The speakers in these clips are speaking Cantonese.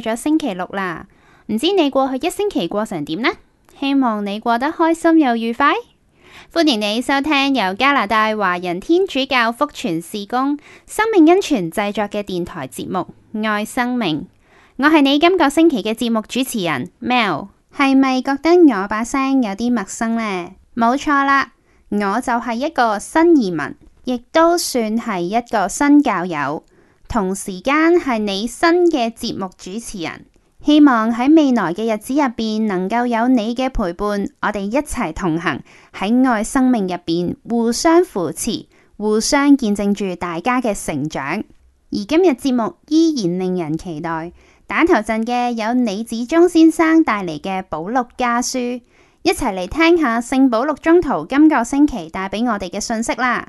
咗星期六啦，唔知你過去一星期過成點呢？希望你過得開心又愉快。歡迎你收聽由加拿大華人天主教福傳事工生命恩泉製作嘅電台節目《愛生命》，我係你今個星期嘅節目主持人 Mel，係咪覺得我把聲有啲陌生呢？冇錯啦，我就係一個新移民，亦都算係一個新教友。同時間係你新嘅節目主持人，希望喺未來嘅日子入邊能夠有你嘅陪伴，我哋一齊同行喺愛生命入邊互相扶持，互相見證住大家嘅成長。而今日節目依然令人期待，打頭陣嘅有李子忠先生帶嚟嘅《保祿家書》，一齊嚟聽下聖保祿宗徒今個星期帶俾我哋嘅信息啦。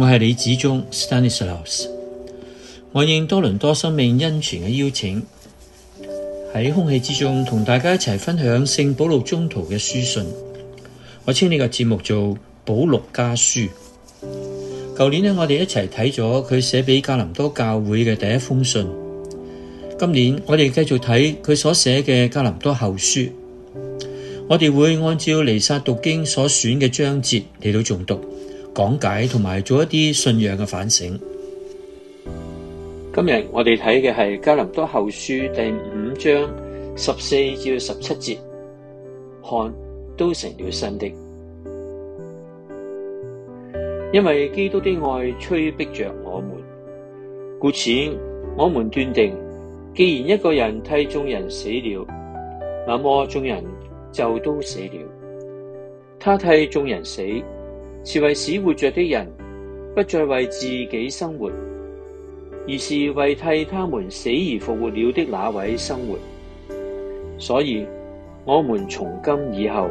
我係李子忠 Stanislaus，我應多倫多生命恩泉嘅邀請，喺空氣之中同大家一齊分享聖保祿中途嘅書信。我稱呢個節目做《保祿家書》。舊年我哋一齊睇咗佢寫畀加林多教會嘅第一封信。今年我哋繼續睇佢所寫嘅加林多後書。我哋會按照彌撒讀經所選嘅章節嚟到誦讀，講解同埋做一啲信仰嘅反省。今日我哋睇嘅係《加林多後書》第五章十四至十七節，看都成了新的，因為基督的愛催逼着我們，故此我們斷定，既然一個人替眾人死了，那麼眾人就都死了。他替眾人死。是為使活着的人不再為自己生活，而是為替他們死而復活了的那位生活。所以，我們從今以後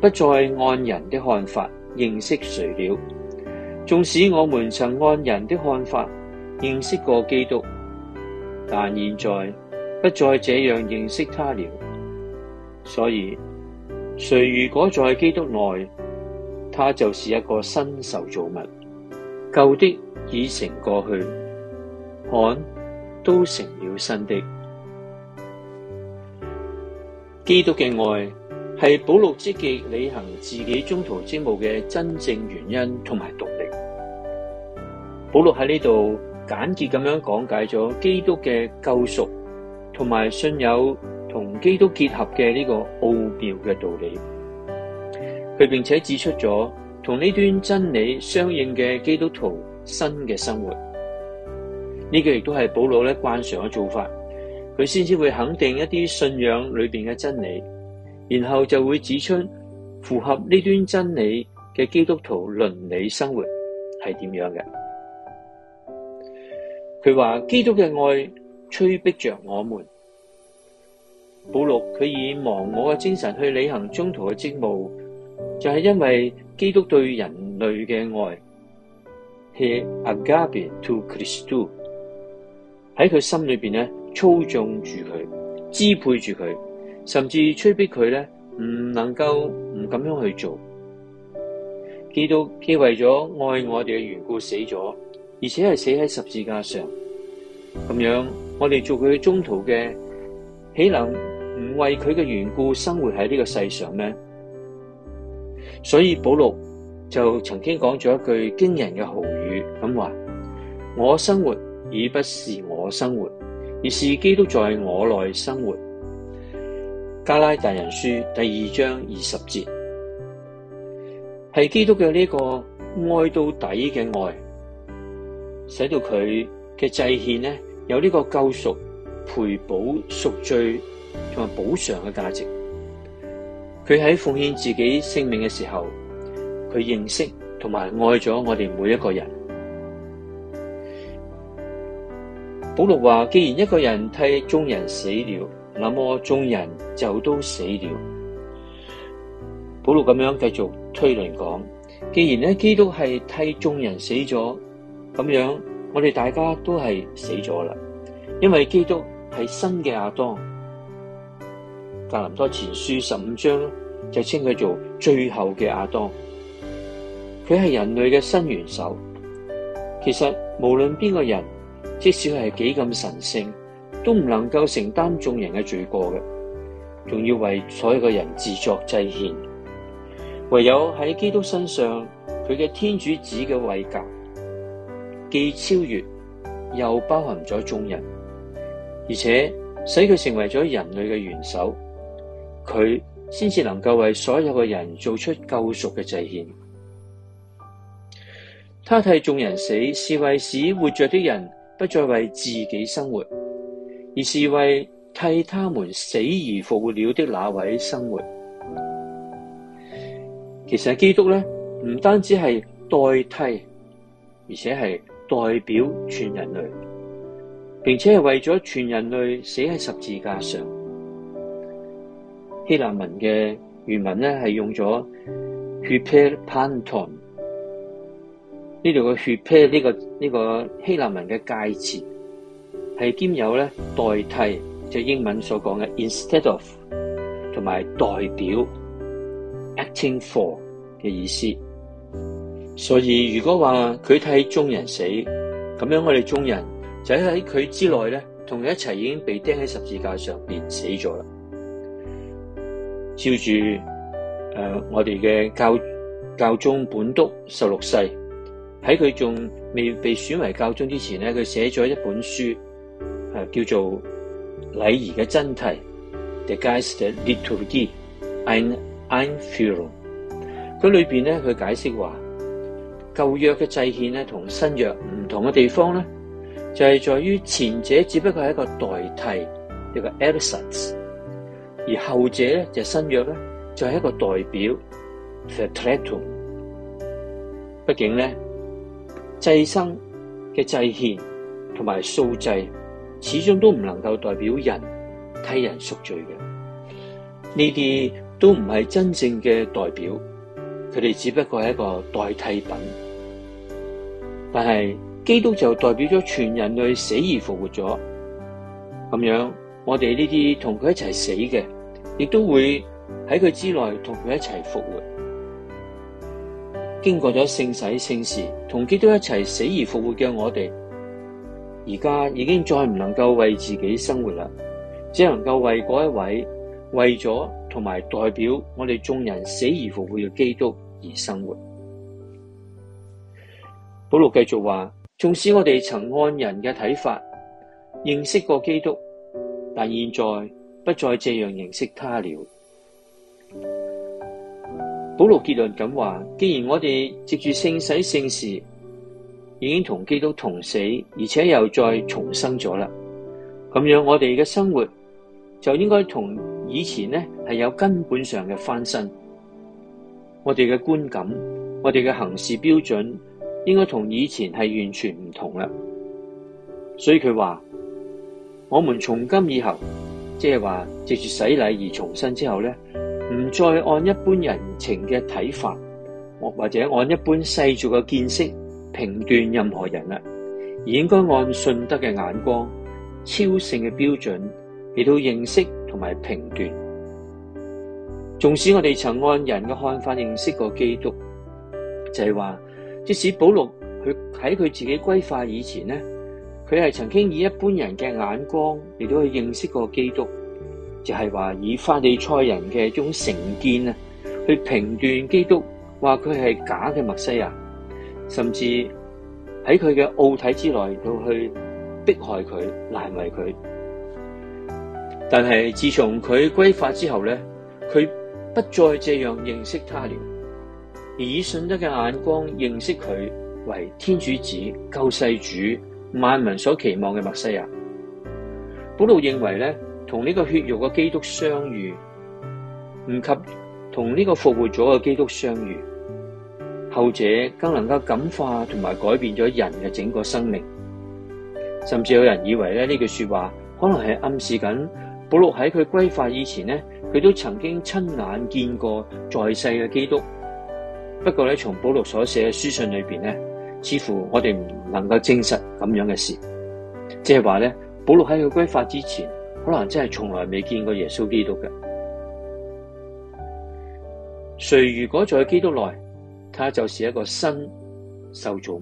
不再按人的看法認識誰了。縱使我們曾按人的看法認識過基督，但現在不再這樣認識他了。所以，誰如果在基督內，它就是一個新受造物，舊的已成過去，看都成了新的。基督嘅愛係保祿積極履行自己中途職務嘅真正原因同埋動力。保祿喺呢度簡潔咁樣講解咗基督嘅救贖同埋信有同基督結合嘅呢個奧妙嘅道理。佢並且指出咗同呢端真理相應嘅基督徒新嘅生活，呢、這個亦都係保羅嘅慣常嘅做法。佢先至會肯定一啲信仰裏邊嘅真理，然後就會指出符合呢端真理嘅基督徒倫理生活係點樣嘅。佢話，基督嘅愛催逼着我們，保羅佢以忘我嘅精神去履行中途嘅職務。就係、是、因為基督對人類嘅愛 he agape tou Christou 喺佢心裏邊咧操縱住佢，支配住佢，甚至催逼佢咧唔能夠唔咁樣去做。基督佢為咗愛我哋嘅緣故死咗，而且係死喺十字架上。咁樣我哋做佢中途嘅，豈能唔為佢嘅緣故生活喺呢個世上呢？所以保祿就曾經講咗一句驚人嘅豪語，咁話：我生活已不是我生活，而是基督在我內生活。加拉達人書第二章二十節，係基督嘅呢個愛到底嘅愛，使到佢嘅祭獻呢有呢個救贖、賠補、贖罪同埋補償嘅價值。佢喺奉獻自己性命嘅時候，佢認識同埋愛咗我哋每一個人。保祿話：「既然一個人替眾人死了，那麼眾人就都死了。保祿咁樣繼續推論講：「既然呢基督係替眾人死咗，咁樣我哋大家都係死咗啦，因為基督係新嘅亞當。格林多前書》十五章就稱佢做最後嘅亞當，佢係人類嘅新元首。其實無論邊個人，即使佢係幾咁神聖，都唔能夠承擔眾人嘅罪過嘅，仲要為所有嘅人自作祭獻。唯有喺基督身上，佢嘅天主子嘅位格既超越又包含咗眾人，而且使佢成為咗人類嘅元首。佢先至能夠為所有嘅人做出救贖嘅祭獻，他替眾人死，是為使活着的人不再為自己生活，而是為替他們死而復活了的那位生活。其實，基督呢唔單止係代替，而且係代表全人類，並且係為咗全人類死喺十字架上。希臘文嘅原文咧係用咗血 pair panton 呢度嘅血 pair 呢個呢、這個希臘文嘅介詞係兼有咧代替就是、英文所講嘅 instead of 同埋代表 acting for 嘅意思。所以如果話佢替眾人死，咁樣我哋眾人就喺佢之內咧，同佢一齊已經被釘喺十字架上面死咗啦。照住誒、呃、我哋嘅教教宗本篤十六世喺佢仲未被選為教宗之前咧，佢寫咗一本書誒叫做《禮儀嘅真諦》Der Geist der Liturgie, Ein, Ein。Der Geist der Liturgie, Ein, Eine Einführung。佢裏邊咧，佢解釋話舊約嘅祭獻咧，同新約唔同嘅地方咧，就係、是、在於前者只不過係一個代替，一個 Eloquence。而後者咧就新約咧就係一個代表，the title。畢竟咧，祭牲嘅祭獻同埋素祭，始終都唔能夠代表人替人贖罪嘅。呢啲都唔係真正嘅代表，佢哋只不過係一個代替品。但係基督就代表咗全人類死而復活咗，咁樣我哋呢啲同佢一齊死嘅，亦都會喺佢之內同佢一齊復活。經過咗聖洗聖事，同基督一齊死而復活嘅我哋，而家已經再唔能夠為自己生活啦，只能夠為嗰一位，為咗同埋代表我哋眾人死而復活嘅基督而生活。保羅繼續話：縱使我哋曾按人嘅睇法認識過基督。但現在不再這樣認識他了。保祿結論咁話：既然我哋接住聖洗聖事，已經同基督同死，而且又再重生咗啦，咁樣我哋嘅生活就應該同以前呢係有根本上嘅翻身。我哋嘅觀感、我哋嘅行事標準，應該同以前係完全唔同啦。所以佢話。我們從今以後，即係話藉住洗禮而重生之後咧，唔再按一般人情嘅睇法，或或者按一般世俗嘅見識評斷任何人啦，而應該按信德嘅眼光、超性嘅標準嚟到認識同埋評斷。縱使我哋曾按人嘅看法認識過基督，就係、是、話，即使保祿佢喺佢自己歸化以前咧。佢係曾經以一般人嘅眼光嚟到去認識個基督，就係話以法利賽人嘅一種成見啊，去評斷基督，話佢係假嘅墨西亞，甚至喺佢嘅奧體之內，到去迫害佢、難為佢。但係自從佢歸化之後咧，佢不再這樣認識他了，而以信德嘅眼光認識佢為天主子、救世主。萬民所期望嘅墨西亞，保祿認為咧，同呢個血肉嘅基督相遇，唔及同呢個復活咗嘅基督相遇，後者更能夠感化同埋改變咗人嘅整個生命。甚至有人以為咧，呢句說話，可能係暗示緊保祿喺佢歸化以前呢，佢都曾經親眼見過在世嘅基督。不過咧，從保祿所寫嘅書信裏邊咧。似乎我哋唔能夠證實咁樣嘅事，即係話咧，保禄喺佢歸化之前，可能真係從來未見過耶穌基督嘅。誰如果在基督內，他就是一個新受造物，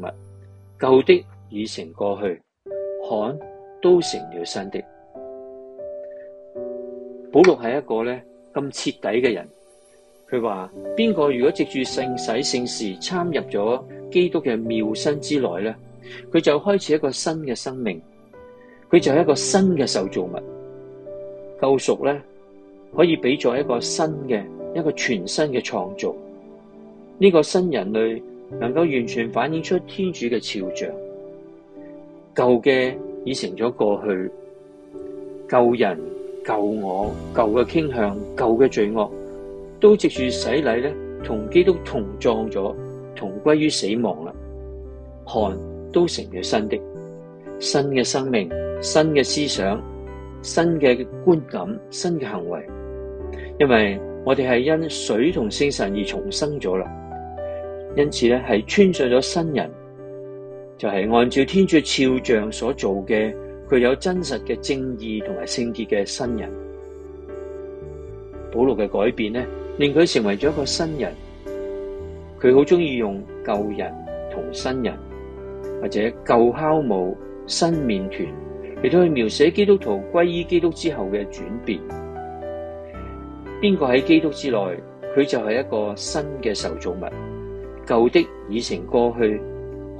舊的已成過去，看都成了新的。保禄係一個咧咁徹底嘅人，佢話，邊個如果藉住聖洗聖事參入咗。基督嘅妙身之內咧，佢就開始一個新嘅生命，佢就係一個新嘅受造物，救贖咧可以俾作一個新嘅、一個全新嘅創造，呢個新人類能夠完全反映出天主嘅肖像，舊嘅已成咗過去，舊人、舊我、舊嘅傾向、舊嘅罪惡，都藉住洗禮咧同基督同葬咗。同歸於死亡啦，汗都成咗新的，新嘅生命，新嘅思想，新嘅觀感，新嘅行為，因為我哋係因水同聖神而重生咗啦，因此咧係穿上咗新人，就係、是、按照天主肖像所做嘅，具有真實嘅正義同埋聖潔嘅新人。保祿嘅改變咧，令佢成為咗一個新人。佢好中意用舊人同新人，或者舊酵母，新麵團嚟到去描寫基督徒歸依基督之後嘅轉變。邊個喺基督之內，佢就係一個新嘅受造物，舊的已成過去，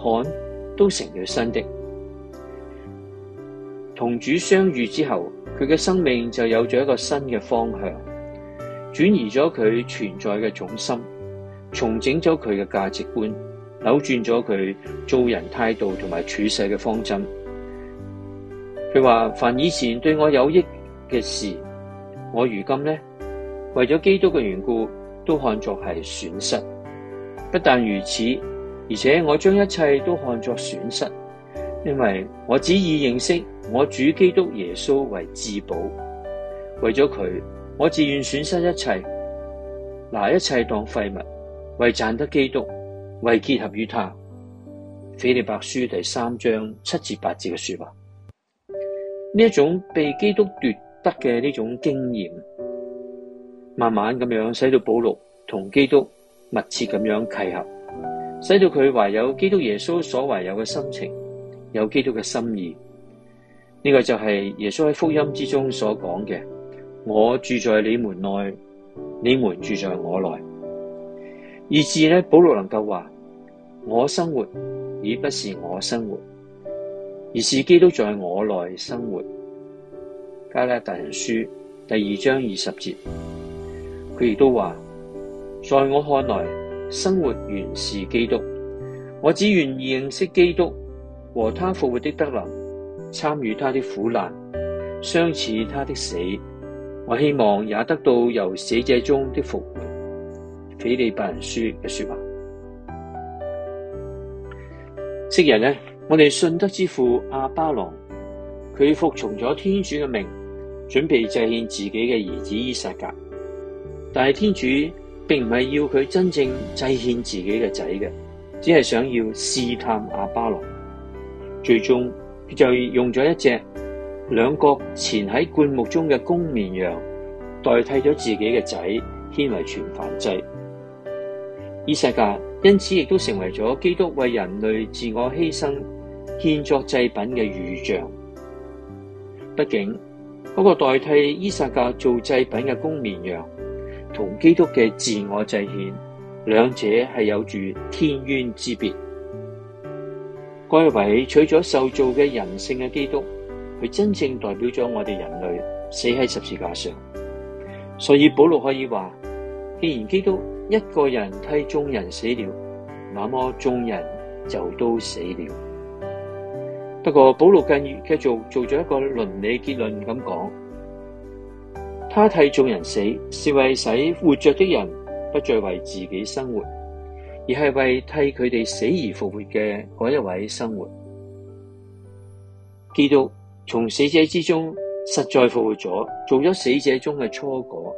看都成了新的。同主相遇之後，佢嘅生命就有咗一個新嘅方向，轉移咗佢存在嘅重心。重整咗佢嘅價值觀，扭轉咗佢做人態度同埋處世嘅方針。佢話：凡以前對我有益嘅事，我如今咧為咗基督嘅緣故，都看作係損失。不但如此，而且我將一切都看作損失，因為我只以認識我主基督耶穌為至寶。為咗佢，我自願損失一切，拿一切當廢物。為賺得基督，為結合於他，腓利白書第三章七至八節嘅說話，呢一種被基督奪得嘅呢種經驗，慢慢咁樣使到保禄同基督密切咁樣契合，使到佢懷有基督耶穌所懷有嘅心情，有基督嘅心意。呢個就係耶穌喺福音之中所講嘅：我住在你們內，你們住在我內。以至呢，保羅能夠話，我生活，已不是我生活，而是基督在我內生活。加拉達人書第二章二十節，佢亦都話：在我看來，生活原是基督，我只願意認識基督和他復活的德能，參與他的苦難，相似他的死。我希望也得到由死者中的復活。《斐理伯人書》嘅說話，昔日呢，我哋信德之父亞巴郎，佢服從咗天主嘅命，準備祭獻自己嘅兒子依撒格。但係天主並唔係要佢真正祭獻自己嘅仔嘅，只係想要試探亞巴郎。最終，佢就用咗一隻兩角纏喺灌木中嘅公綿羊代替咗自己嘅仔，獻為全燔祭。伊撒格因此亦都成為咗基督為人類自我犧牲獻作祭品嘅預象。畢竟嗰、那個代替伊撒格做祭品嘅公綿羊，同基督嘅自我祭獻，兩者係有住天淵之別。該位取咗受造嘅人性嘅基督，佢真正代表咗我哋人類死喺十字架上。所以保羅可以話，既然基督。一個人替眾人死了，那麼眾人就都死了。不過保羅更繼續做咗一個倫理結論咁講，他替眾人死，是為使活着的人不再為自己生活，而係為替佢哋死而復活嘅嗰一位生活。基督從死者之中實在復活咗，做咗死者中嘅初果。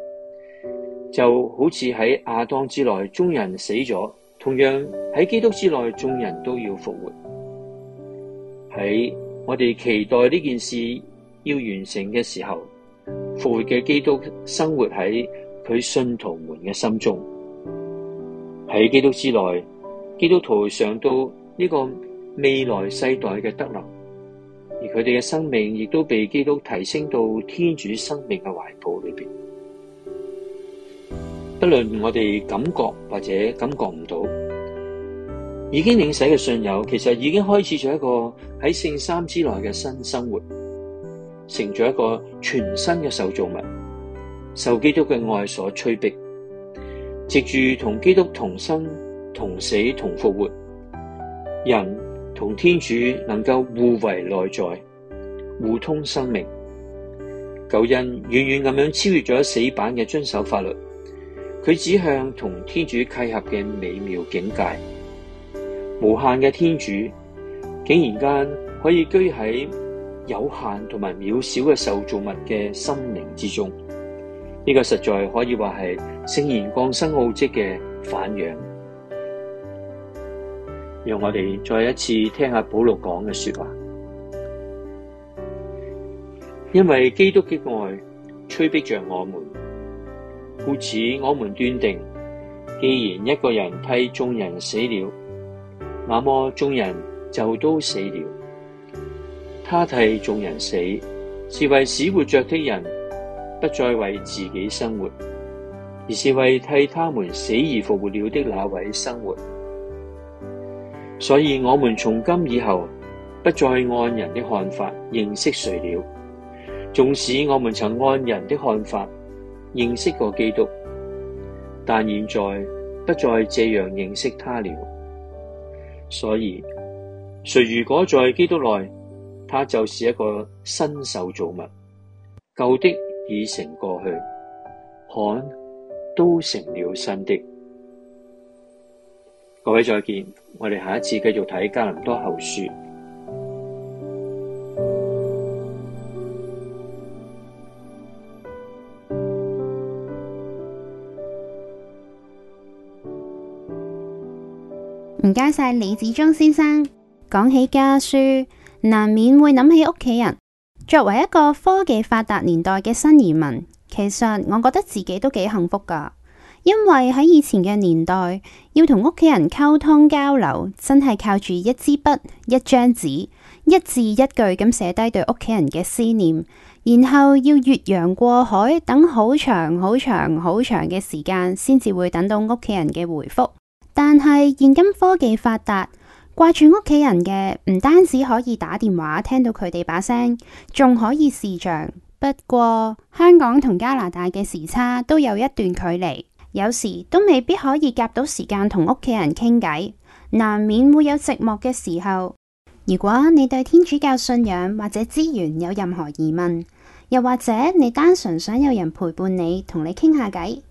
就好似喺亞當之內，眾人死咗；同樣喺基督之內，眾人都要復活。喺我哋期待呢件事要完成嘅時候，復活嘅基督生活喺佢信徒們嘅心中。喺基督之內，基督徒嘗到呢個未來世代嘅德能，而佢哋嘅生命亦都被基督提升到天主生命嘅懷抱裏邊。不論我哋感覺或者感覺唔到，已經領洗嘅信友，其實已經開始咗一個喺聖三之內嘅新生活，成咗一個全新嘅受造物，受基督嘅愛所催逼，藉住同基督同生、同死、同復活，人同天主能夠互為內在，互通生命，舊恩遠遠咁樣超越咗死板嘅遵守法律。佢指向同天主契合嘅美妙境界，無限嘅天主竟然間可以居喺有限同埋渺小嘅受造物嘅心靈之中，呢、這個實在可以話係聖言降生奧跡嘅反養。讓我哋再一次聽下保祿講嘅說話，因為基督嘅愛催逼着我們。故此，我們斷定，既然一個人替眾人死了，那麼眾人就都死了。他替眾人死，是為使活着的人不再為自己生活，而是為替他們死而復活了的那位生活。所以我們從今以後不再按人的看法認識誰了，縱使我們曾按人的看法。認識過基督，但現在不再這樣認識他了。所以，誰如果在基督內，他就是一個新受造物，舊的已成過去，看都成了新的。各位再見，我哋下一次繼續睇加林多後書。唔該晒李子忠先生。講起家書，難免會諗起屋企人。作為一個科技發達年代嘅新移民，其實我覺得自己都幾幸福噶。因為喺以前嘅年代，要同屋企人溝通交流，真係靠住一支筆、一張紙，一字一句咁寫低對屋企人嘅思念，然後要越洋過海等好長、好長、好長嘅時間，先至會等到屋企人嘅回覆但係現今科技發達，掛住屋企人嘅，唔單止可以打電話聽到佢哋把聲，仲可以視像。不過香港同加拿大嘅時差都有一段距離，有時都未必可以夾到時間同屋企人傾偈，難免會有寂寞嘅時候。如果你對天主教信仰或者資源有任何疑問，又或者你單純想有人陪伴你，同你傾下偈。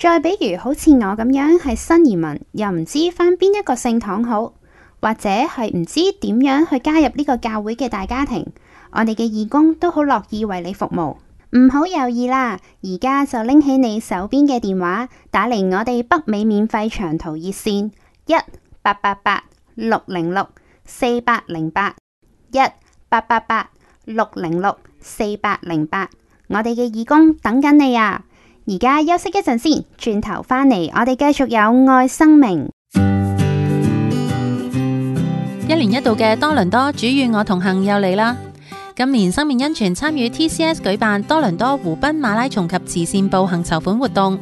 再比如，好似我咁樣係新移民，又唔知返邊一個聖堂好，或者係唔知點樣去加入呢個教會嘅大家庭，我哋嘅義工都好樂意為你服務，唔好猶豫啦，而家就拎起你手邊嘅電話，打嚟我哋北美免費長途熱線一八八八六零六四八零八一八八八六零六四八零八，我哋嘅義工等緊你啊！而家休息一陣先，轉頭返嚟，我哋繼續有愛生命。一年一度嘅多倫多，主與我同行又嚟啦。今年生命恩泉參與 TCS 舉辦多倫多湖濱馬拉松及慈善步行籌款活動。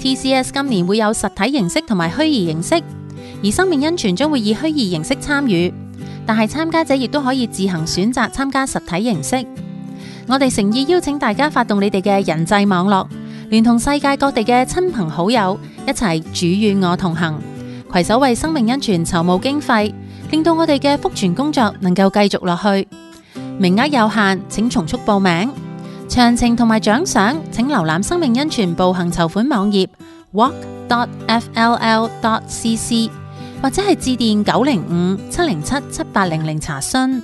TCS 今年會有實體形式同埋虛擬形式，而生命恩泉將會以虛擬形式參與，但係參加者亦都可以自行選擇參加實體形式。我哋誠意邀請大家發動你哋嘅人際網絡。連同世界各地嘅親朋好友一齊主與我同行，携手為生命恩泉籌募經費，令到我哋嘅福傳工作能夠繼續落去。名額有限，請從速報名。詳情同埋獎賞，請瀏覽生命恩泉步行籌款網頁 walk.fll.cc，或者係致電九零五七零七七八零零查詢。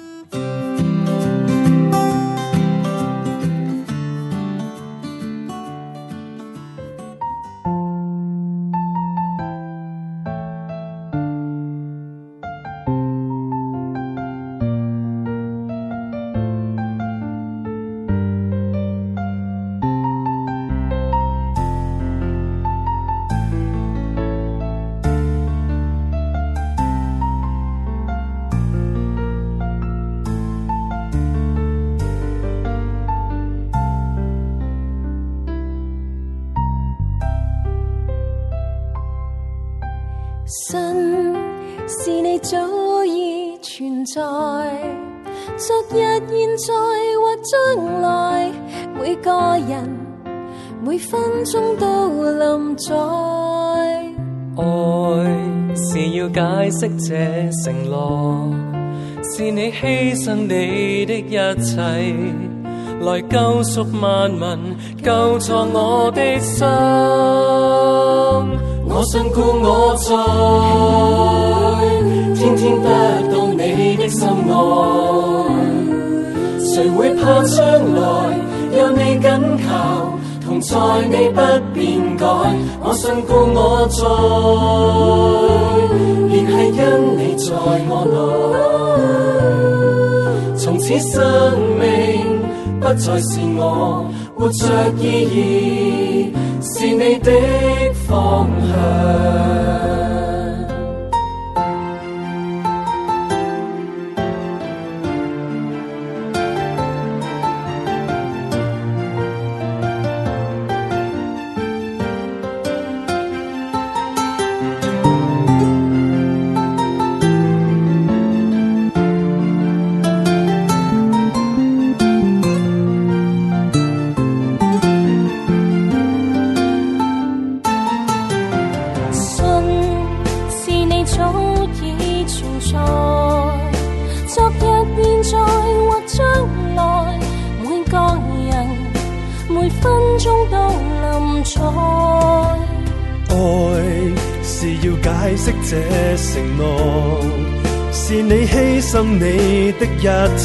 解釋這承諾，是你犧牲你的一切，來救贖萬民，救錯我的心。我想顧我在，天天得到你的心愛，誰會怕將來，有你緊靠。在你不變改，我信故我在，連係因你在我內。從此生命不再是我，活着意義是你的方向。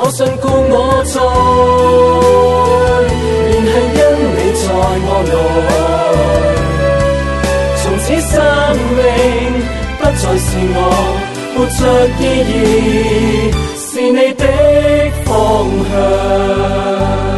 我信故我在，仍係因你在我內。從此生命不再是我，活着意義是你的方向。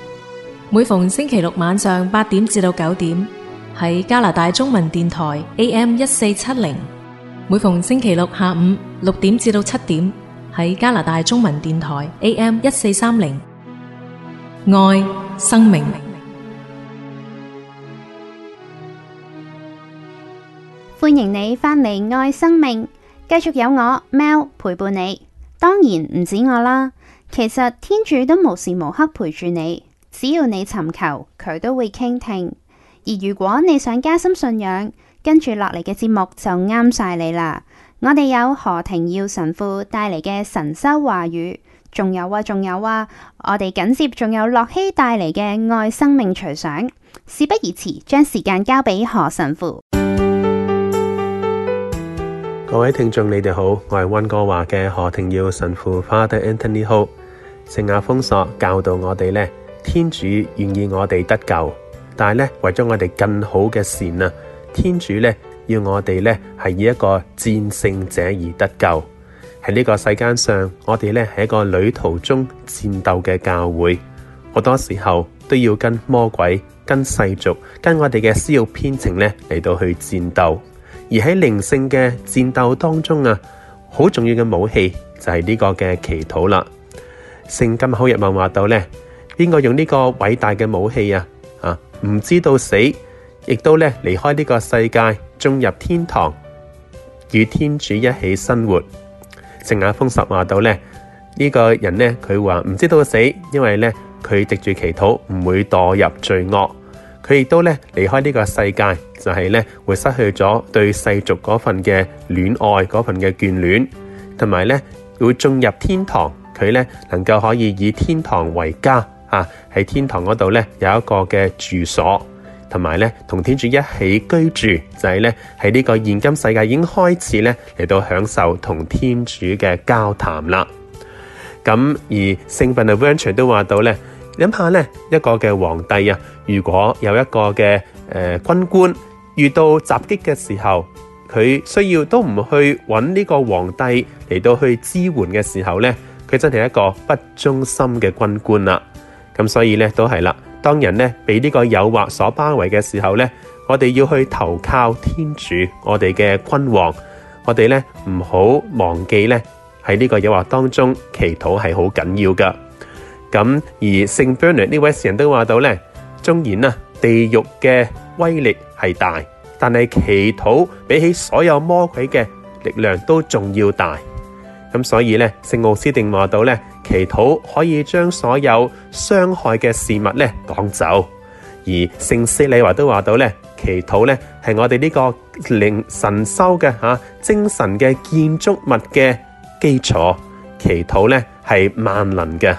每逢星期六晚上八點至到九點喺加拿大中文電台 A.M. 一四七零；每逢星期六下午六點至到七點喺加拿大中文電台 A.M. 一四三零。愛生命，歡迎你返嚟。愛生命，繼續有我喵陪伴你。當然唔止我啦，其實天主都無時無刻陪住你。只要你尋求，佢都會傾聽。而如果你想加深信仰，跟住落嚟嘅節目就啱晒你啦。我哋有何廷耀神父帶嚟嘅神修話語，仲有啊，仲有啊，我哋緊接仲有樂希帶嚟嘅愛生命隨想。事不宜遲，將時間交俾何神父。各位聽眾，你哋好，我係溫哥華嘅何廷耀神父，Father Anthony Ho，聖亞豐索教導我哋呢。天主願意我哋得救，但係咧，為咗我哋更好嘅善啊，天主咧要我哋咧係以一個戰勝者而得救。喺呢個世間上，我哋咧係一個旅途中戰鬥嘅教會，好多時候都要跟魔鬼、跟世俗、跟我哋嘅私欲偏情咧嚟到去戰鬥。而喺靈性嘅戰鬥當中啊，好重要嘅武器就係呢個嘅祈禱啦。聖金口若望話到咧。邊個用呢個偉大嘅武器啊？啊，唔知道死，亦都咧離開呢個世界，進入天堂，與天主一起生活。聖雅風十話到咧，呢個人咧，佢話唔知道死，因為咧，佢直住祈禱，唔會墮入罪惡。佢亦都咧離開呢個世界，就係咧，會失去咗對世俗嗰份嘅戀愛、嗰份嘅眷戀，同埋咧，會進入天堂。佢咧，能夠可以以天堂為家。啊！喺天堂嗰度咧，有一個嘅住所，同埋咧，同天主一起居住，就係咧，喺呢個現今世界已經開始咧，嚟到享受同天主嘅交談啦。咁而聖訓嘅 venture 都話到咧，諗下咧，一個嘅皇帝啊，如果有一個嘅誒、呃、軍官遇到襲擊嘅時候，佢需要都唔去搵呢個皇帝嚟到去支援嘅時候咧，佢真係一個不忠心嘅軍官啦，啊。咁所以咧都係啦，當人咧被呢個誘惑所包圍嘅時候咧，我哋要去投靠天主，我哋嘅君王，我哋咧唔好忘記咧喺呢個誘惑當中，祈禱係好緊要㗎。咁而聖伯尼呢位聖人都話到咧，縱然啊，地獄嘅威力係大，但係祈禱比起所有魔鬼嘅力量都仲要大。咁所以咧，聖奧斯定話到咧，祈禱可以將所有傷害嘅事物咧趕走；而聖斯利華都話到咧，祈禱咧係我哋呢個靈神修嘅吓、啊、精神嘅建築物嘅基礎。祈禱咧係萬能嘅，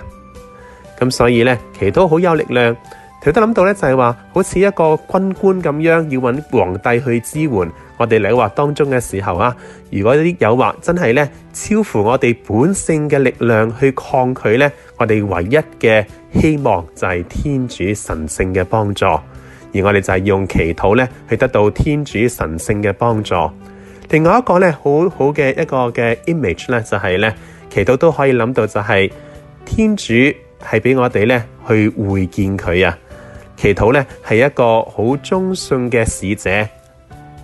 咁所以咧祈禱好有力量。佢都諗到咧，就係話好似一個軍官咁樣要揾皇帝去支援。我哋迷惑當中嘅時候啊，如果啲誘惑真係咧超乎我哋本性嘅力量去抗拒咧，我哋唯一嘅希望就係天主神聖嘅幫助，而我哋就係用祈禱咧去得到天主神聖嘅幫助。另外一個咧好好嘅一個嘅 image 咧就係、是、咧，祈禱都可以諗到就係、是、天主係俾我哋咧去會見佢啊。祈禱咧係一個好忠信嘅使者。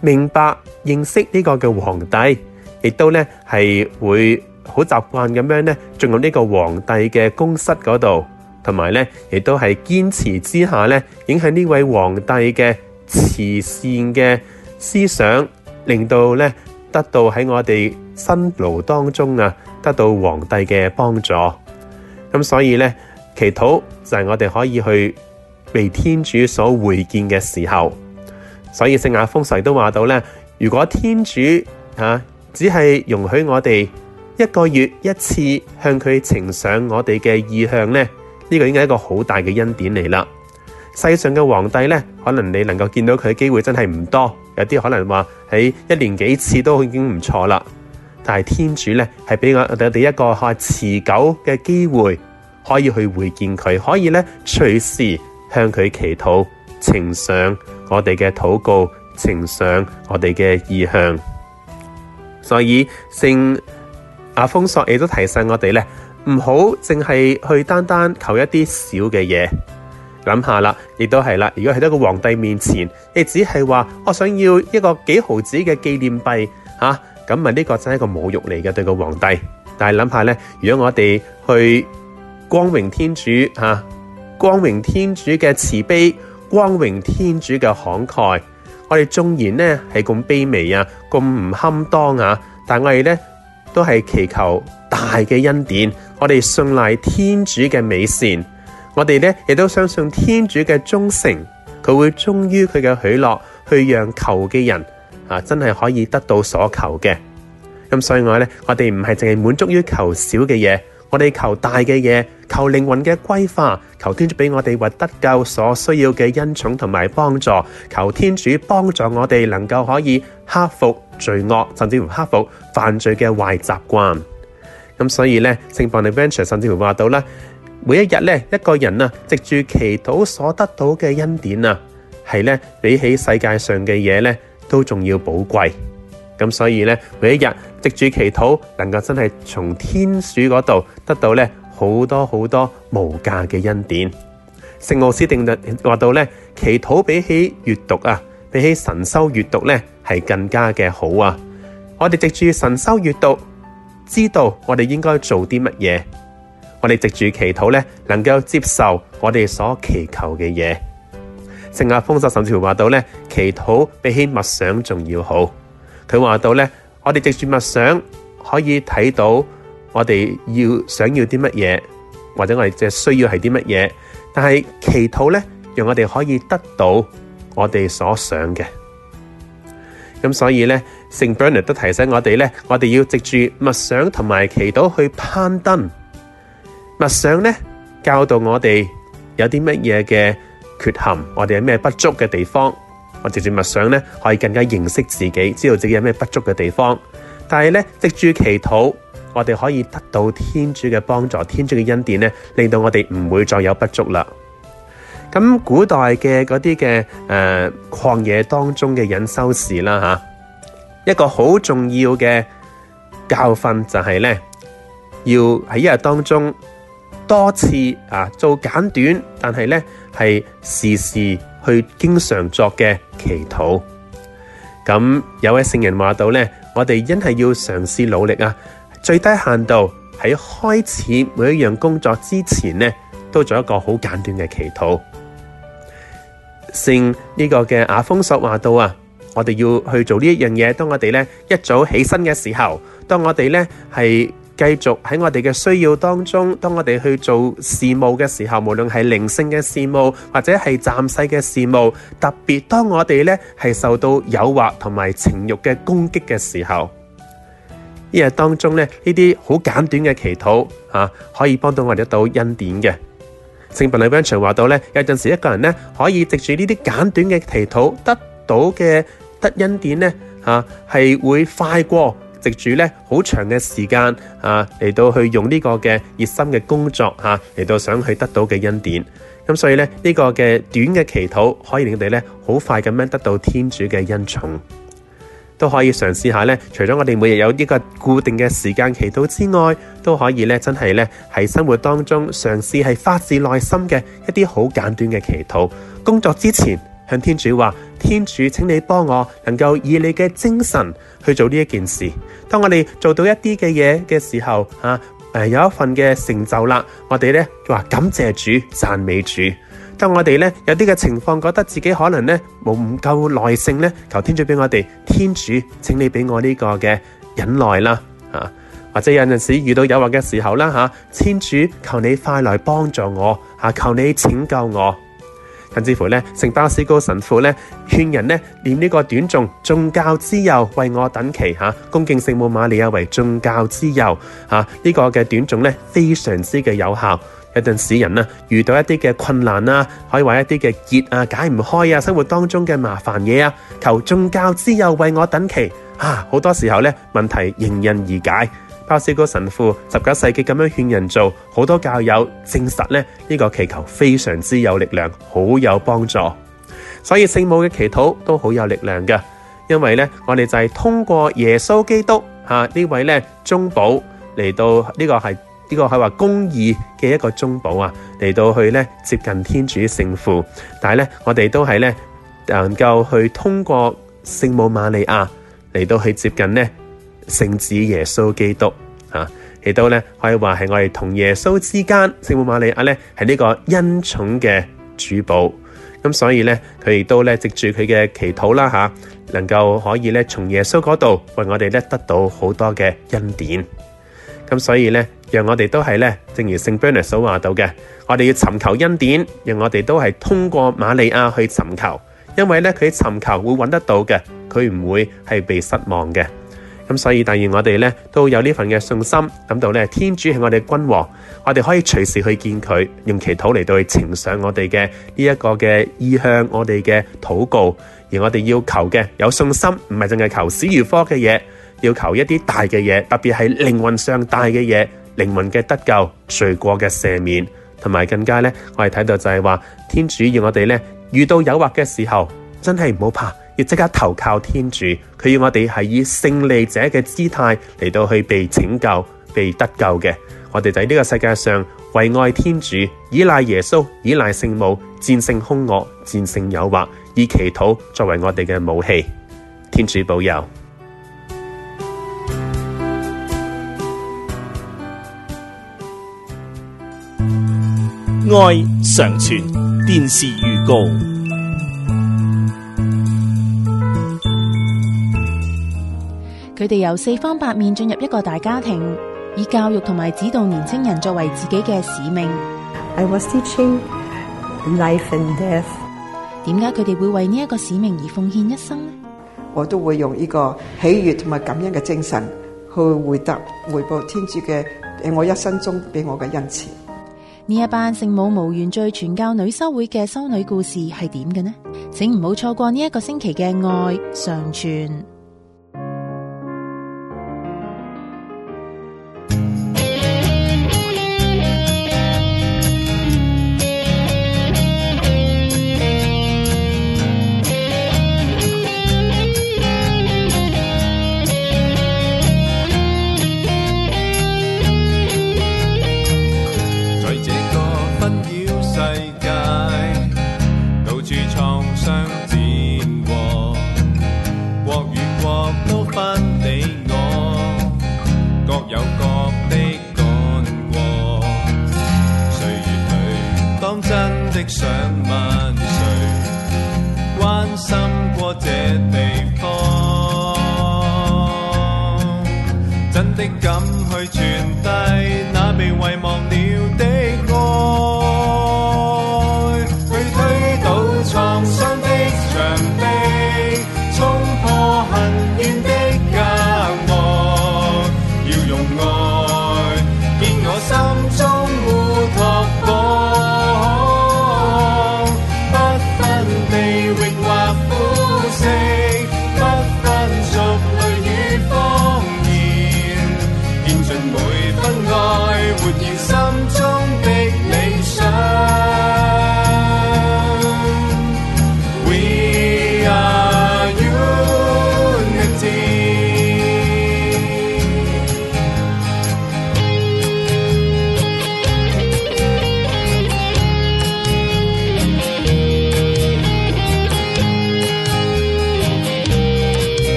明白認識呢個嘅皇帝，亦都咧係會好習慣咁樣咧進入呢個皇帝嘅宮室嗰度，同埋咧亦都係堅持之下咧影響呢位皇帝嘅慈善嘅思想，令到咧得到喺我哋辛勞當中啊得到皇帝嘅幫助。咁所以咧祈禱就係我哋可以去被天主所會見嘅時候。所以聖雅風神都話到咧，如果天主吓、啊、只係容許我哋一個月一次向佢呈上我哋嘅意向咧，呢、這個應該係一個好大嘅恩典嚟啦。世上嘅皇帝咧，可能你能夠見到佢嘅機會真係唔多，有啲可能話喺一年幾次都已經唔錯啦。但係天主咧係俾我哋一個可持久嘅機會可以回見佢，可以去會見佢，可以咧隨時向佢祈禱呈上，我哋嘅禱告，呈上我哋嘅意向，所以聖阿封索亦都提醒我哋咧，唔好淨係去單單求一啲小嘅嘢。諗下啦，亦都係啦。如果喺一個皇帝面前，你只係話我想要一個幾毫子嘅紀念幣，吓咁咪呢個真係一個侮辱嚟嘅，對個皇帝。但係諗下咧，如果我哋去光榮天主吓、啊，光榮天主嘅慈悲。光榮天主嘅慷慨，我哋縱然呢係咁卑微啊，咁唔堪當啊，但我哋呢都係祈求大嘅恩典。我哋信賴天主嘅美善，我哋呢亦都相信天主嘅忠誠，佢會忠於佢嘅許諾，去讓求嘅人啊真係可以得到所求嘅。咁所以我呢，我哋唔係淨係滿足於求小嘅嘢。我哋求大嘅嘢，求靈魂嘅歸化，求天主俾我哋為得救所需要嘅恩寵同埋幫助，求天主幫助我哋能夠可以克服罪惡，甚至乎克服犯罪嘅壞習慣。咁所以呢，聖 Bonaventure 甚至乎話到啦，每一日呢，一個人啊，藉住祈禱所得到嘅恩典啊，係呢，比起世界上嘅嘢呢，都仲要寶貴。咁所以咧，每一日藉住祈禱，能夠真係從天主嗰度得到咧好多好多無價嘅恩典。聖奧斯定律話到咧，祈禱比起閱讀啊，比起神修閱讀咧，係更加嘅好啊。我哋藉住神修閱讀，知道我哋應該做啲乜嘢。我哋藉住祈禱咧，能夠接受我哋所祈求嘅嘢。聖阿豐塞神父話到咧，祈禱比起默想仲要好。佢話到咧，我哋藉住默想，可以睇到我哋要想要啲乜嘢，或者我哋需要係啲乜嘢。但係祈禱咧，讓我哋可以得到我哋所想嘅。咁所以咧，聖伯納德都提醒我哋咧，我哋要藉住默想同埋祈禱去攀登。默想咧，教導我哋有啲乜嘢嘅缺陷，我哋有咩不足嘅地方。我直接默想咧，可以更加認識自己，知道自己有咩不足嘅地方。但係咧，藉住祈禱，我哋可以得到天主嘅幫助，天主嘅恩典咧，令到我哋唔會再有不足啦。咁古代嘅嗰啲嘅誒曠野當中嘅隱修士啦吓，一個好重要嘅教訓就係咧，要喺一日當中多次啊做簡短，但係咧。係時時去經常作嘅祈禱。咁有位聖人話到呢，我哋因係要嘗試努力啊，最低限度喺開始每一樣工作之前呢，都做一個好簡短嘅祈禱。聖呢個嘅亞豐索話到啊，我哋要去做呢一樣嘢，當我哋呢一早起身嘅時候，當我哋呢係。繼續喺我哋嘅需要當中，當我哋去做事務嘅時候，無論係靈性嘅事務或者係暫世嘅事務，特別當我哋咧係受到誘惑同埋情欲嘅攻擊嘅時候，呢日當中咧呢啲好簡短嘅祈禱吓，可以幫到我哋得到恩典嘅。聖品裏邊曾話到咧，有陣時一個人咧可以藉住呢啲簡短嘅祈禱得到嘅得恩典咧吓，係會快過。藉住咧好長嘅時間啊，嚟到去用呢個嘅熱心嘅工作吓，嚟到想去得到嘅恩典。咁所以咧呢、呢個嘅短嘅祈禱，可以令你哋咧好快咁樣得到天主嘅恩寵。都可以嘗試下咧，除咗我哋每日有呢個固定嘅時間祈禱之外，都可以咧真係咧喺生活當中嘗試係發自內心嘅一啲好簡短嘅祈禱。工作之前。向天主話：天主，請你幫我，能夠以你嘅精神去做呢一件事。當我哋做到一啲嘅嘢嘅時候，誒、啊呃，有一份嘅成就啦，我哋咧就話感謝主，讚美主。當我哋咧有啲嘅情況，覺得自己可能咧冇咁夠耐性咧，求天主俾我哋，天主，請你俾我呢個嘅忍耐啦、啊，或者有陣時遇到誘惑嘅時候啦，吓、啊，天主求你快來幫助我，啊、求你拯救我。甚至乎咧，聖巴斯高神父咧勸人咧念呢個短誦，宗教之佑為我等祈，吓、啊，恭敬聖母瑪利亞為宗教之佑吓，啊這個、呢個嘅短誦咧非常之嘅有效。有陣時人啊遇到一啲嘅困難啊，可以話一啲嘅結啊解唔開啊，生活當中嘅麻煩嘢啊，求宗教之佑為我等祈。啊好多時候咧問題迎刃而解。巴斯哥神父十九世紀咁樣勸人做，好多教友證實咧呢個祈求非常之有力量，好有幫助。所以聖母嘅祈禱都好有力量嘅，因為咧我哋就係通過耶穌基督啊呢位咧中保嚟到呢個係呢個係話公義嘅一個中保啊嚟到去咧接近天主聖父，但係咧我哋都係咧能夠去通過聖母瑪利亞嚟到去接近咧。聖子耶穌基督，亦都督咧可以話係我哋同耶穌之間，聖母瑪利亞咧係呢個恩寵嘅主保。咁、啊、所以咧，佢亦都咧藉住佢嘅祈禱啦，吓、啊、能夠可以咧從耶穌嗰度為我哋咧得到好多嘅恩典。咁、啊、所以咧，讓我哋都係咧，正如聖 Bernard 所話到嘅，我哋要尋求恩典，讓我哋都係通過瑪利亞去尋求，因為咧佢尋求會揾得到嘅，佢唔會係被失望嘅。咁所以第二我哋咧都有呢份嘅信心，感到咧天主係我哋君王，我哋可以隨時去見佢，用祈禱嚟，到去呈上我哋嘅呢一個嘅意向，我哋嘅禱告，而我哋要求嘅有信心，唔係淨係求死如科嘅嘢，要求一啲大嘅嘢，特別係靈魂上大嘅嘢，靈魂嘅得救、罪過嘅赦免，同埋更加咧，我哋睇到就係話天主要我哋咧遇到誘惑嘅時候，真係唔好怕。要即刻投靠天主，佢要我哋係以勝利者嘅姿態嚟到去被拯救，被得救嘅。我哋就喺呢個世界上為愛天主，依賴耶穌，依賴聖母，戰勝兇惡，戰勝誘惑，以祈禱作為我哋嘅武器。天主保佑，愛常存。電視預告。我哋由四方八面進入一個大家庭，以教育同埋指導年青人作為自己嘅使命。I was teaching life and death。點解佢哋會為呢一個使命而奉獻一生呢？我都會用呢個喜悦同埋感恩嘅精神去回答回報天主嘅誒，我一生中俾我嘅恩賜。呢一班聖母無原罪傳教女修會嘅修女故事係點嘅呢？請唔好錯過呢一個星期嘅愛常傳。常傳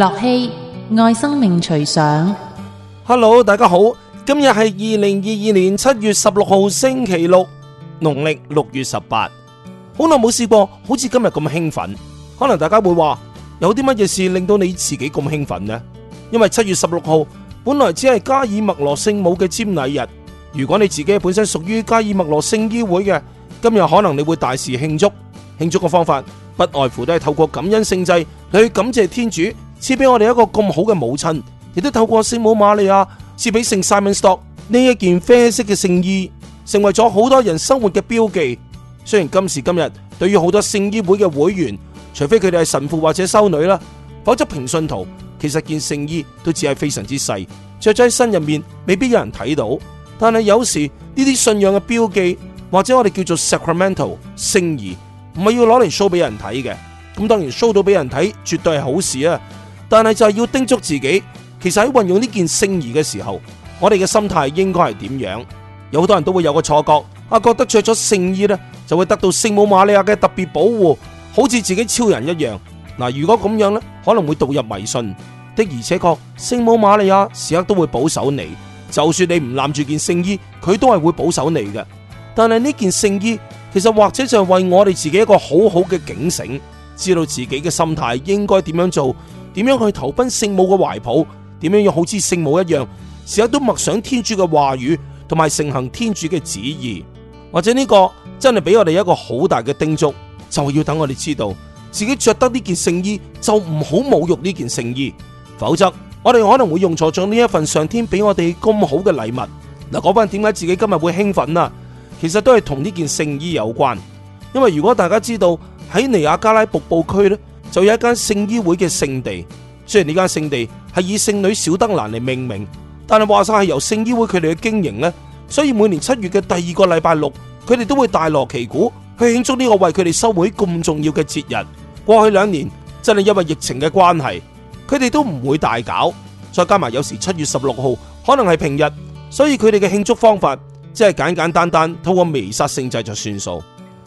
樂器愛生命隨想，Hello，大家好，今日係二零二二年七月十六號星期六，農曆六月十八。好耐冇試過，好似今日咁興奮。可能大家會話有啲乜嘢事令到你自己咁興奮呢？因為七月十六號本來只係加爾默羅聖母嘅瞻禮日。如果你自己本身屬於加爾默羅聖衣會嘅，今日可能你會大肆慶祝。慶祝嘅方法不外乎都係透過感恩聖祭，你去感謝天主。賜俾我哋一個咁好嘅母親，亦都透過聖母瑪利亞賜俾聖 Simon Stock 呢一件啡色嘅聖衣，成為咗好多人生活嘅標記。雖然今時今日，對於好多聖衣會嘅會員，除非佢哋係神父或者修女啦，否則平信徒其實件聖衣都只係非常之細，着咗喺身入面未必有人睇到。但係有時呢啲信仰嘅標記，或者我哋叫做 Sacramental 聖儀，唔係要攞嚟 show 俾人睇嘅。咁當然 show 到俾人睇，絕對係好事啊！但係就係要叮囑自己，其實喺運用呢件聖衣嘅時候，我哋嘅心態應該係點樣？有好多人都會有個錯覺，啊覺得着咗聖衣呢，就會得到聖母瑪利亞嘅特別保護，好似自己超人一樣。嗱，如果咁樣呢，可能會導入迷信。的而且確，聖母瑪利亞時刻都會保守你，就算你唔攬住件聖衣，佢都係會保守你嘅。但係呢件聖衣其實或者就係為我哋自己一個好好嘅警醒，知道自己嘅心態應該點樣做。點樣去投奔聖母嘅懷抱？點樣要好似聖母一樣，時刻都默想天主嘅話語，同埋盛行天主嘅旨意？或者呢個真係俾我哋一個好大嘅叮囑，就要等我哋知道自己着得呢件聖衣，就唔好侮辱呢件聖衣，否則我哋可能會用錯咗呢一份上天俾我哋咁好嘅禮物。嗱，嗰班點解自己今日會興奮啊？其實都係同呢件聖衣有關，因為如果大家知道喺尼亞加拉瀑布區呢就有一間聖衣會嘅聖地，雖然呢間聖地係以聖女小德蘭嚟命名，但係話晒係由聖衣會佢哋嘅經營呢。所以每年七月嘅第二個禮拜六，佢哋都會大鑼旗鼓去慶祝呢個為佢哋修會咁重要嘅節日。過去兩年真係因為疫情嘅關係，佢哋都唔會大搞。再加埋有時七月十六號可能係平日，所以佢哋嘅慶祝方法即係簡簡單單透過彌撒聖祭就算數。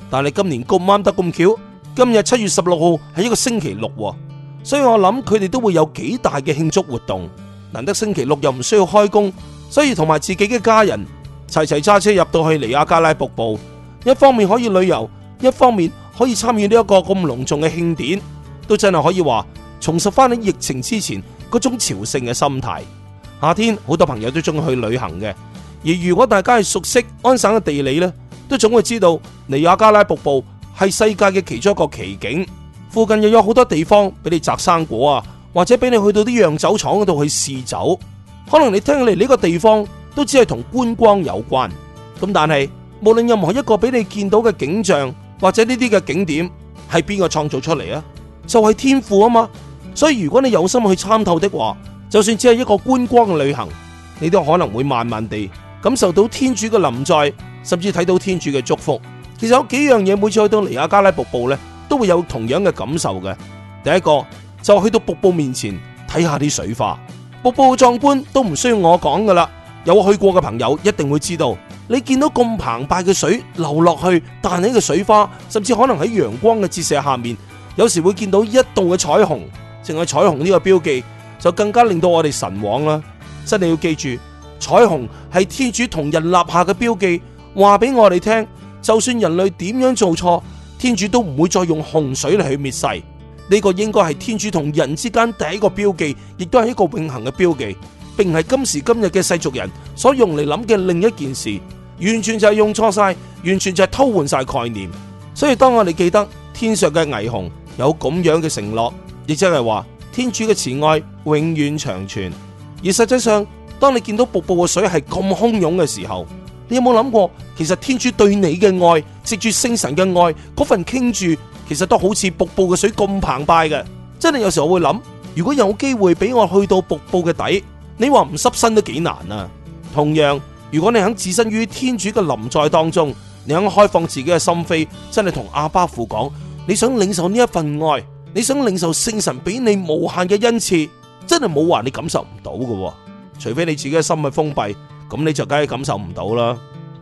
但係今年咁啱得咁巧。今日七月十六號係一個星期六，所以我諗佢哋都會有幾大嘅慶祝活動。難得星期六又唔需要開工，所以同埋自己嘅家人齊齊揸車入到去尼亞加拉瀑布，一方面可以旅遊，一方面可以參與呢一個咁隆重嘅慶典，都真係可以話重拾翻喺疫情之前嗰種朝聖嘅心態。夏天好多朋友都中意去旅行嘅，而如果大家係熟悉安省嘅地理呢，都總會知道尼亞加拉瀑布。係世界嘅其中一個奇景，附近又有好多地方俾你摘生果啊，或者俾你去到啲釀酒廠嗰度去試酒。可能你聽嚟呢個地方都只係同觀光有關，咁但係無論任何一個俾你見到嘅景象或者呢啲嘅景點，係邊個創造出嚟啊？就係、是、天父啊嘛。所以如果你有心去參透的話，就算只係一個觀光嘅旅行，你都可能會慢慢地感受到天主嘅臨在，甚至睇到天主嘅祝福。其實有幾樣嘢，每次去到尼亞加拉瀑布咧，都會有同樣嘅感受嘅。第一個就去到瀑布面前睇下啲水花，瀑布好壯觀，都唔需要我講噶啦。有去過嘅朋友一定會知道，你見到咁澎湃嘅水流落去，但係呢個水花，甚至可能喺陽光嘅折射下面，有時會見到一道嘅彩虹，淨係彩虹呢個標記就更加令到我哋神往啦。真係要記住，彩虹係天主同人立下嘅標記，話俾我哋聽。就算人類點樣做錯，天主都唔會再用洪水嚟去滅世。呢個應該係天主同人之間第一個標記，亦都係一個永恆嘅標記，並唔係今時今日嘅世俗人所用嚟諗嘅另一件事，完全就係用錯晒，完全就係偷換晒概念。所以當我哋記得天上嘅霓虹有咁樣嘅承諾，亦即係話天主嘅慈愛永遠長存。而實際上，當你見到瀑布嘅水係咁洶湧嘅時候，你有冇諗過？其實天主對你嘅愛，藉住聖神嘅愛，嗰份傾注，其實都好似瀑布嘅水咁澎湃嘅。真係有時候我會諗，如果有機會俾我去到瀑布嘅底，你話唔濕身都幾難啊。同樣，如果你肯置身於天主嘅臨在當中，你肯開放自己嘅心扉，真係同阿巴父講，你想領受呢一份愛，你想領受聖神俾你無限嘅恩賜，真係冇話你感受唔到嘅。除非你自己嘅心係封閉。咁你就梗係感受唔到啦。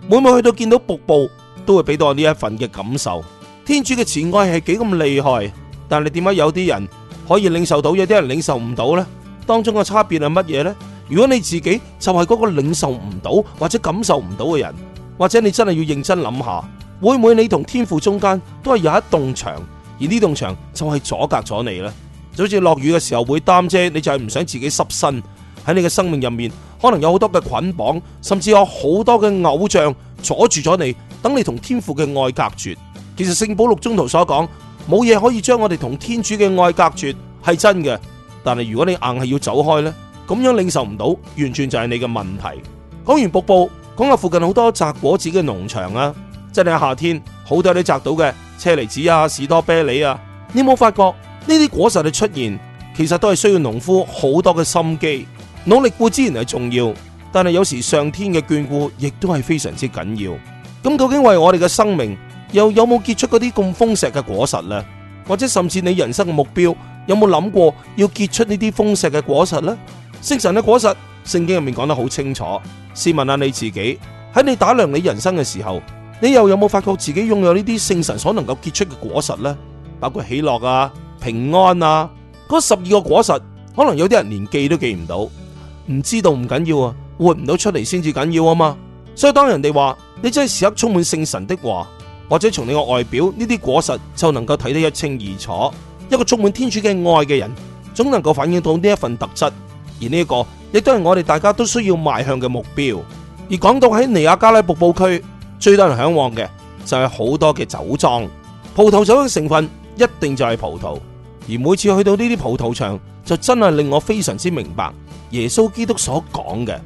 每每去到見到瀑布，都會俾到我呢一份嘅感受。天主嘅慈愛係幾咁厲害，但係你點解有啲人可以領受到，有啲人領受唔到呢？當中嘅差別係乜嘢呢？如果你自己就係嗰個領受唔到或者感受唔到嘅人，或者你真係要認真諗下，會唔會你同天父中間都係有一棟牆，而呢棟牆就係阻隔咗你呢？就好似落雨嘅時候會擔遮，你就係唔想自己濕身。喺你嘅生命入面，可能有好多嘅捆綁，甚至有好多嘅偶像阻住咗你，等你同天父嘅愛隔絕。其實聖保禄宗徒所講，冇嘢可以將我哋同天主嘅愛隔絕，係真嘅。但係如果你硬係要走開呢，咁樣領受唔到，完全就係你嘅問題。講完瀑布，講下附近好多摘果子嘅農場啊，即係夏天，好多你摘到嘅車厘子啊、士多啤梨啊。你有冇發覺呢啲果實嘅出現，其實都係需要農夫好多嘅心機。努力固然係重要，但係有時上天嘅眷顧亦都係非常之緊要。咁究竟為我哋嘅生命又有冇結出嗰啲咁豐碩嘅果實呢？或者甚至你人生嘅目標有冇諗過要結出呢啲豐碩嘅果實呢？聖神嘅果實，聖經入面講得好清楚。試問下你自己，喺你打量你人生嘅時候，你又有冇發覺自己擁有呢啲聖神所能夠結出嘅果實呢？包括喜樂啊、平安啊，嗰十二個果實，可能有啲人連記都記唔到。唔知道唔緊要啊，活唔到出嚟先至緊要啊嘛。所以當人哋話你真係時刻充滿聖神的話，或者從你個外表呢啲果實就能夠睇得一清二楚。一個充滿天主嘅愛嘅人，總能夠反映到呢一份特質。而呢、這、一個亦都係我哋大家都需要邁向嘅目標。而講到喺尼亞加拉瀑布區，最多人向往嘅就係、是、好多嘅酒莊，葡萄酒嘅成分一定就係葡萄。而每次去到呢啲葡萄場，就真係令我非常之明白。耶穌基督所講嘅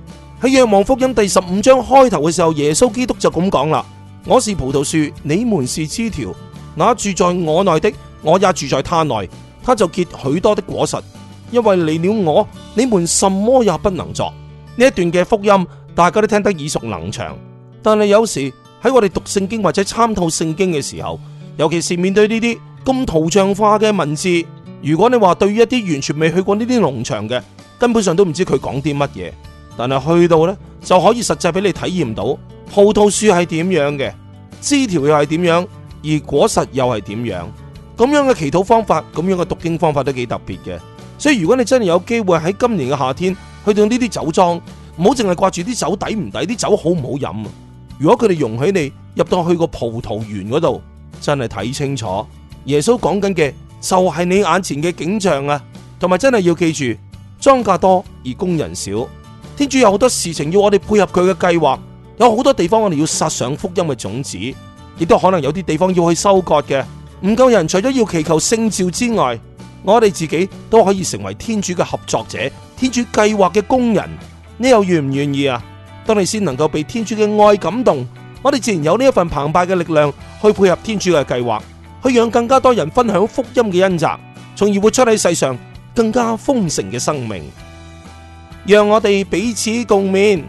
喺《若望福音》第十五章開頭嘅時候，耶穌基督就咁講啦：我是葡萄樹，你們是枝條。那住在我內的，我也住在他內，他就結許多的果實。因為離了我，你們什麼也不能作。呢一段嘅福音，大家都聽得耳熟能詳。但係有時喺我哋讀聖經或者參透聖經嘅時候，尤其是面對呢啲咁圖像化嘅文字，如果你話對於一啲完全未去過呢啲農場嘅，根本上都唔知佢講啲乜嘢，但係去到咧就可以實際俾你體驗到葡萄樹係點樣嘅，枝條又係點樣，而果實又係點樣，咁樣嘅祈禱方法，咁樣嘅讀經方法都幾特別嘅。所以如果你真係有機會喺今年嘅夏天去到呢啲酒莊，唔好淨係掛住啲酒抵唔抵，啲酒好唔好飲。如果佢哋容許你入到去個葡萄園嗰度，真係睇清楚耶穌講緊嘅就係你眼前嘅景象啊，同埋真係要記住。莊稼多而工人少，天主有好多事情要我哋配合佢嘅計劃，有好多地方我哋要撒上福音嘅種子，亦都可能有啲地方要去收割嘅。唔夠人，除咗要祈求聖召之外，我哋自己都可以成為天主嘅合作者，天主計劃嘅工人。你又願唔願意啊？當你先能夠被天主嘅愛感動，我哋自然有呢一份澎湃嘅力量去配合天主嘅計劃，去讓更加多人分享福音嘅恩澤，從而活出喺世上更加豐盛嘅生命，讓我哋彼此共勉。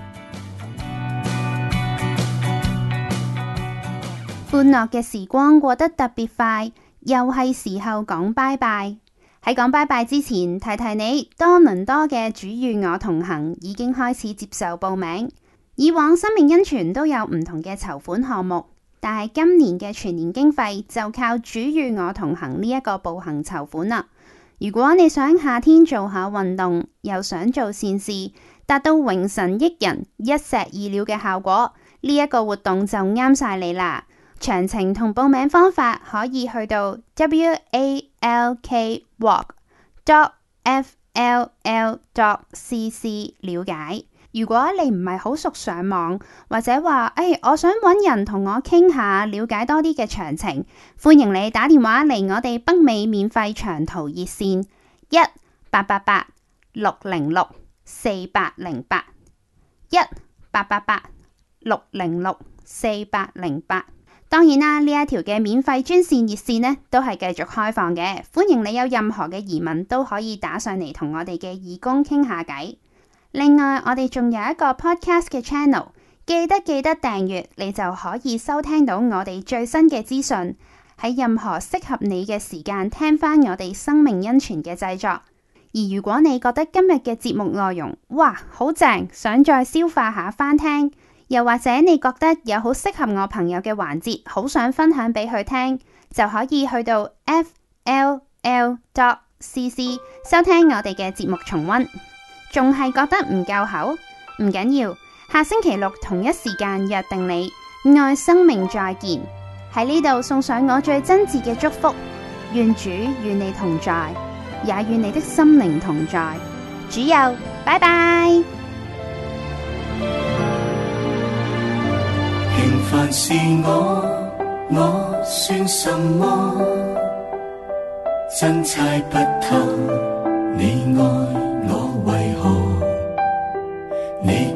歡樂嘅時光過得特別快，又係時候講拜拜。喺講拜拜之前，提提你，多倫多嘅主與我同行已經開始接受報名。以往生命恩泉都有唔同嘅籌款項目，但係今年嘅全年經費就靠主與我同行呢一個步行籌款啦。如果你想夏天做下運動，又想做善事，達到榮神益人、一石二鳥嘅效果，呢、這、一個活動就啱晒你啦！詳情同報名方法可以去到 walkwalk.fll.cc 了解。如果你唔係好熟上網，或者話，誒、哎，我想搵人同我傾下，了解多啲嘅詳情，歡迎你打電話嚟我哋北美免費長途熱線一八八八六零六四八零八一八八八六零六四八零八。當然啦，呢一條嘅免費專線熱線呢都係繼續開放嘅，歡迎你有任何嘅疑問都可以打上嚟同我哋嘅義工傾下偈。另外，我哋仲有一個 podcast 嘅 channel，記得記得訂閱，你就可以收聽到我哋最新嘅資訊。喺任何適合你嘅時間聽翻我哋生命恩泉嘅製作。而如果你覺得今日嘅節目內容哇，好正，想再消化一下翻聽，又或者你覺得有好適合我朋友嘅環節，好想分享俾佢聽，就可以去到 f l l dot c c 收聽我哋嘅節目重溫。仲係覺得唔夠好，唔緊要，下星期六同一時間約定你，愛生命再見。喺呢度送上我最真摯嘅祝福，願主與你同在，也與你的心靈同在，主佑，拜拜。平凡是我，我算什麼？真猜不透你愛。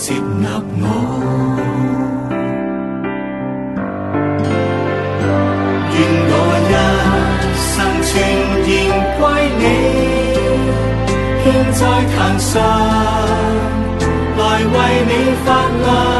接納我，願我一生全然歸你，獻在壇上，來為你發願。